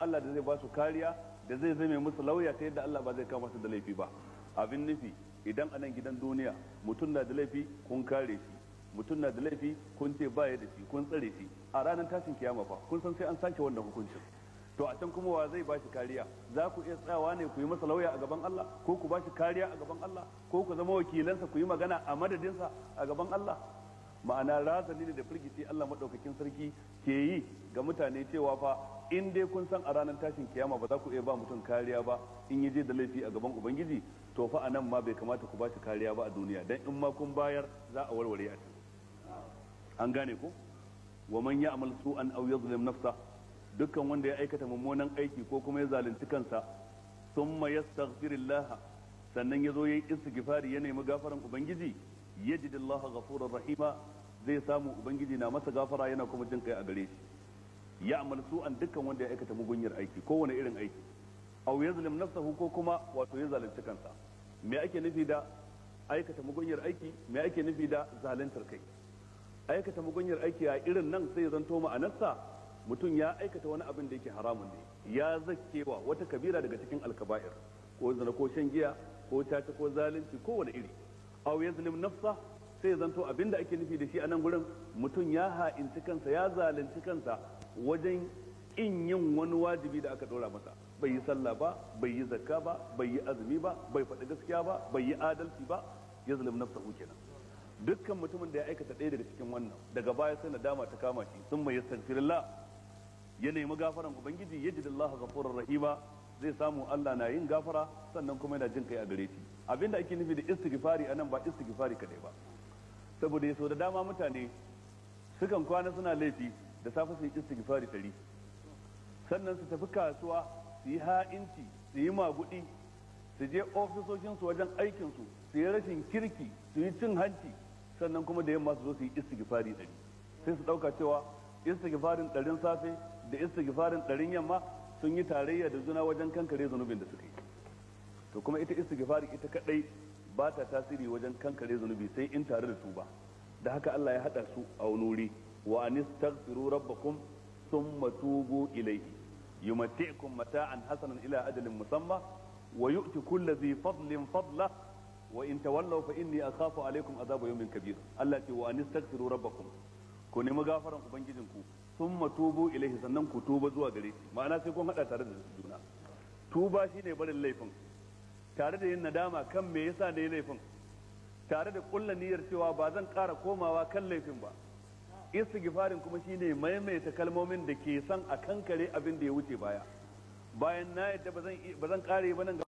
Allah da zai ba su kariya da zai zame musu lauya ta yadda Allah ba zai kama su da laifi ba abin nufi idan anan gidan duniya mutum na da laifi kun kare shi mutum na da laifi kun ce baya da shi kun tsare shi a ranar tashin kiyama fa kun san sai an sake wannan hukuncin to a can kuma wa zai ba shi kariya za ku iya tsayawa ne ku yi masa lauya a gaban Allah ko ku ba shi kariya a gaban Allah ko ku zama wakilansa ku yi magana a madadinsa a gaban Allah ma'ana razali ne da firgici Allah maɗaukakin sarki ke yi ga mutane cewa fa in dai kun san a ranar tashin kiyama ba za ku iya ba mutum kariya ba in yi je da laifi a gaban ubangiji to fa nan ma bai kamata ku ba shi kariya ba a duniya dan in ma kun bayar za a warware a can an gane ku wa man ya'mal su'an aw yadhlim nafsa dukkan wanda ya aikata mummunan aiki ko kuma ya zalunci kansa thumma yastaghfirullah sannan ya zo yayi istighfari ya nemi gafaran ubangiji yajidullaha ghafurur rahima zai samu ubangiji na masa gafara yana kuma jin kai a gare shi ya amal su'an dukkan wanda ya aikata mugunyar aiki ko wani irin aiki aw yazlim nafsahu ko kuma wato ya zalunci kansa me ake nufi da aikata mugunyar aiki me ake nufi da zaluntar kai aikata mugunyar aiki a irin nan sai ya zanto ma'anarsa mutum ya aikata wani abin da yake haramun ne ya zakkewa wata kabira daga cikin alkaba'ir ko zina ko shan giya ko caca ko zalunci ko wani iri aw yazlim nafsa sai zanto abin da ake nufi da shi a nan gurin mutum ya ha'inci kansa ya zalunci kansa wajen in yin wani wajibi da aka dora masa bai yi sallah ba bai yi zakka ba bai yi azumi ba bai faɗi gaskiya ba bai yi adalci ba ya zalim nafsahu kenan dukkan mutumin da ya aikata ɗaya daga cikin wannan daga baya sai nadama ta kama shi sun mai yastaghfirullah ya nemi gafaran ubangiji yajidallahu ghafurur rahima zai samu Allah na yin gafara sannan kuma yana jin kai a gare shi abinda ake nufi da istighfari nan ba istighfari kadai ba saboda yaso da dama mutane sukan kwana suna laifi da safe su yi istighfari tari sannan su tafi kasuwa su yi ha'inci su yi magudi su je ofisoshinsu wajen aikinsu su yi rashin kirki su yi cin hanci sannan kuma da yamma su zo su yi istighfari tari sai su ɗauka cewa istighfarin ɗarin safe da istighfarin ɗarin yamma sun yi tarayya da juna wajen kankare zunubin da suka yi to kuma ita istighfari ita kadai ba ta tasiri wajen kankare zunubi sai in tare da tuba da haka Allah ya hada su a wani wuri wa anistaghfiru rabbakum thumma tubu ilayhi يمتعكم متاعا حسنا إلى أجل مسمى ويؤتي كل ذي فضل فضله وإن تولوا فإني أخاف عليكم عذاب يوم كبير التي وأن استغفروا ربكم كوني مغافرا ubangijinku ثم توبوا إليه sannan ku tuba zuwa gari ma'ana sai kun haɗa tare da juna tuba shine barin laifin tare da yin nadama kan me yasa ne laifin tare da kulla niyyar cewa ba zan ƙara komawa kan laifin ba istighfarin kuma shine maimaita kalmomin da ke san a kankare abin da ya wuce baya bayan na yadda ba zan kare ba nan